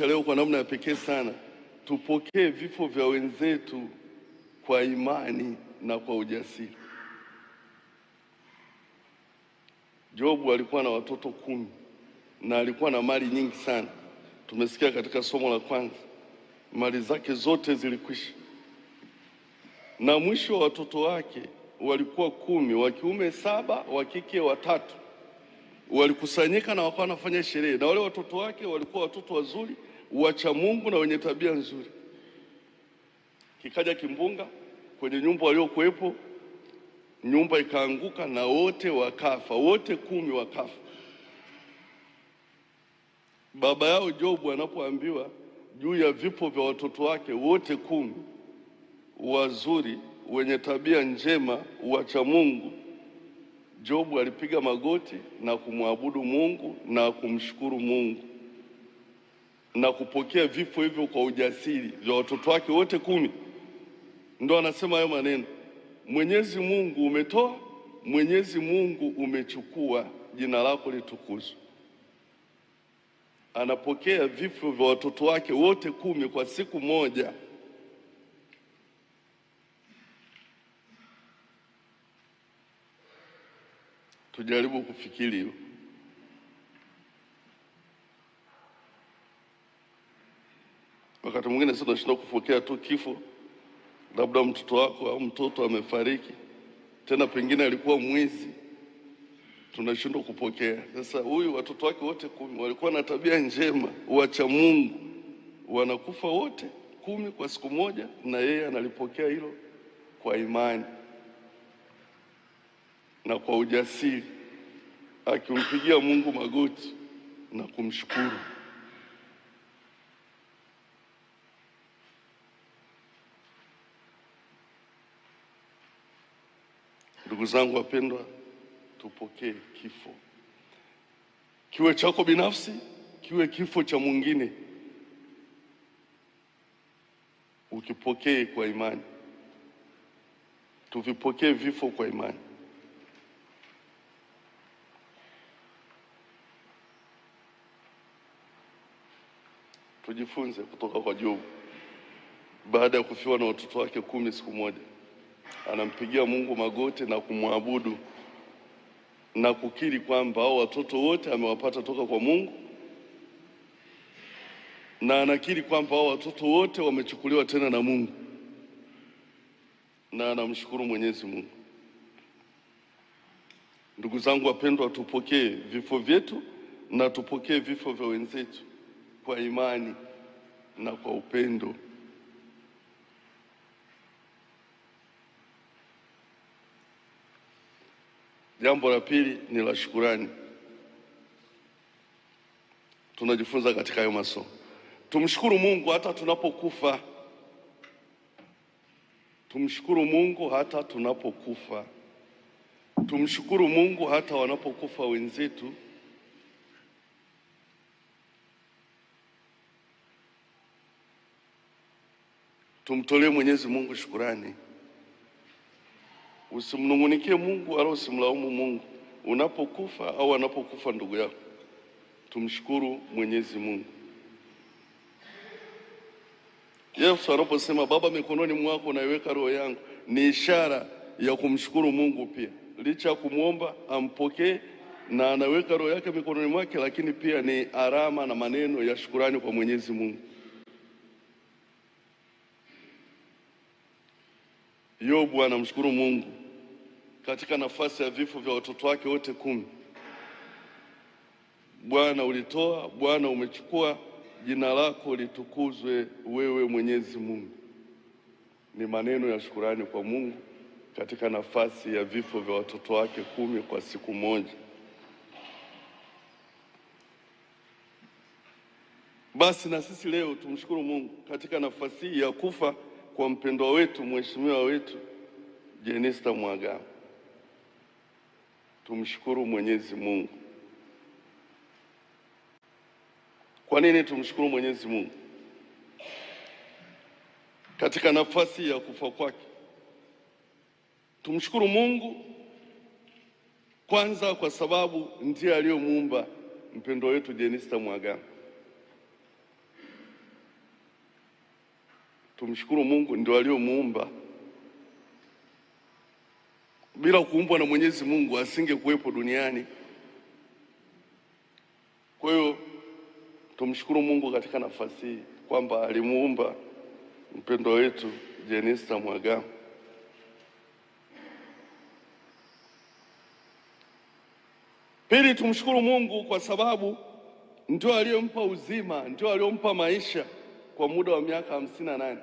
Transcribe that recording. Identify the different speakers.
Speaker 1: cha leo, kwa namna ya pekee sana tupokee vifo vya wenzetu kwa imani na kwa ujasiri. Jobu alikuwa na watoto kumi na alikuwa na mali nyingi sana. Tumesikia katika somo la kwanza mali zake zote zilikwisha, na mwisho wa watoto wake walikuwa kumi, wa kiume saba, wa kike watatu. Walikusanyika na wakawa wanafanya sherehe, na wale watoto wake walikuwa watoto wazuri wacha Mungu na wenye tabia nzuri. Kikaja kimbunga kwenye nyumba waliokuwepo, nyumba ikaanguka na wote wakafa, wote kumi wakafa. Baba yao Jobu anapoambiwa juu ya vifo vya watoto wake wote kumi wazuri, wenye tabia njema, wacha Mungu, Jobu alipiga magoti na kumwabudu Mungu na kumshukuru Mungu na kupokea vifo hivyo kwa ujasiri vya watoto wake wote kumi. Ndo anasema hayo maneno, Mwenyezi Mungu umetoa, Mwenyezi Mungu umechukua, jina lako litukuzwe. Anapokea vifo vya watoto wake wote kumi kwa siku moja. Tujaribu kufikiri hilo. Wakati mwingine sisi tunashindwa kupokea tu kifo, labda mtoto wako au mtoto amefariki, tena pengine alikuwa mwizi, tunashindwa kupokea. Sasa huyu watoto wake wote kumi walikuwa na tabia njema, wacha Mungu, wanakufa wote kumi kwa siku moja, na yeye analipokea hilo kwa imani na kwa ujasiri, akimpigia Mungu magoti na kumshukuru. Ndugu zangu wapendwa, tupokee kifo, kiwe chako binafsi, kiwe kifo cha mwingine, ukipokee kwa imani. Tuvipokee vifo kwa imani. Tujifunze kutoka kwa Jobu baada ya kufiwa na watoto wake kumi siku moja anampigia Mungu magoti na kumwabudu na kukiri kwamba hao watoto wote amewapata toka kwa Mungu, na anakiri kwamba hao watoto wote wamechukuliwa tena na Mungu, na anamshukuru Mwenyezi Mungu. Ndugu zangu wapendwa, tupokee vifo vyetu na tupokee vifo vya wenzetu kwa imani na kwa upendo. Jambo la pili ni la shukurani. Tunajifunza katika hayo masomo, tumshukuru Mungu hata tunapokufa, tumshukuru Mungu hata tunapokufa, tumshukuru Mungu hata wanapokufa wenzetu. Tumtolee Mwenyezi Mungu shukurani. Usimnung'unikie Mungu wala usimlaumu Mungu unapokufa au anapokufa ndugu yako. Tumshukuru Mwenyezi Mungu. Yesu anaposema Baba, mikononi mwako naiweka roho yangu, ni ishara ya kumshukuru Mungu pia. Licha ya kumwomba ampokee na anaweka roho yake mikononi mwake, lakini pia ni alama na maneno ya shukurani kwa Mwenyezi Mungu. Yobu anamshukuru Mungu katika nafasi ya vifo vya watoto wake wote kumi. Bwana ulitoa, Bwana umechukua, jina lako litukuzwe wewe Mwenyezi Mungu. Ni maneno ya shukurani kwa Mungu katika nafasi ya vifo vya watoto wake kumi kwa siku moja. Basi na sisi leo tumshukuru Mungu katika nafasi hii ya kufa kwa mpendwa wetu mheshimiwa wetu Jenista Mhagama tumshukuru Mwenyezi Mungu. Kwa nini tumshukuru Mwenyezi Mungu? Katika nafasi ya kufa kwake, tumshukuru Mungu kwanza kwa sababu ndiye aliyomuumba mpendo wetu Jenista Mhagama. Tumshukuru Mungu ndio aliyomuumba bila kuumbwa na Mwenyezi Mungu asingekuwepo duniani. Kwa hiyo tumshukuru Mungu katika nafasi hii kwamba alimuumba mpendwa wetu Jenista Mhagama. Pili, tumshukuru Mungu kwa sababu ndio aliyompa uzima, ndio aliyompa maisha kwa muda wa miaka hamsini na nane.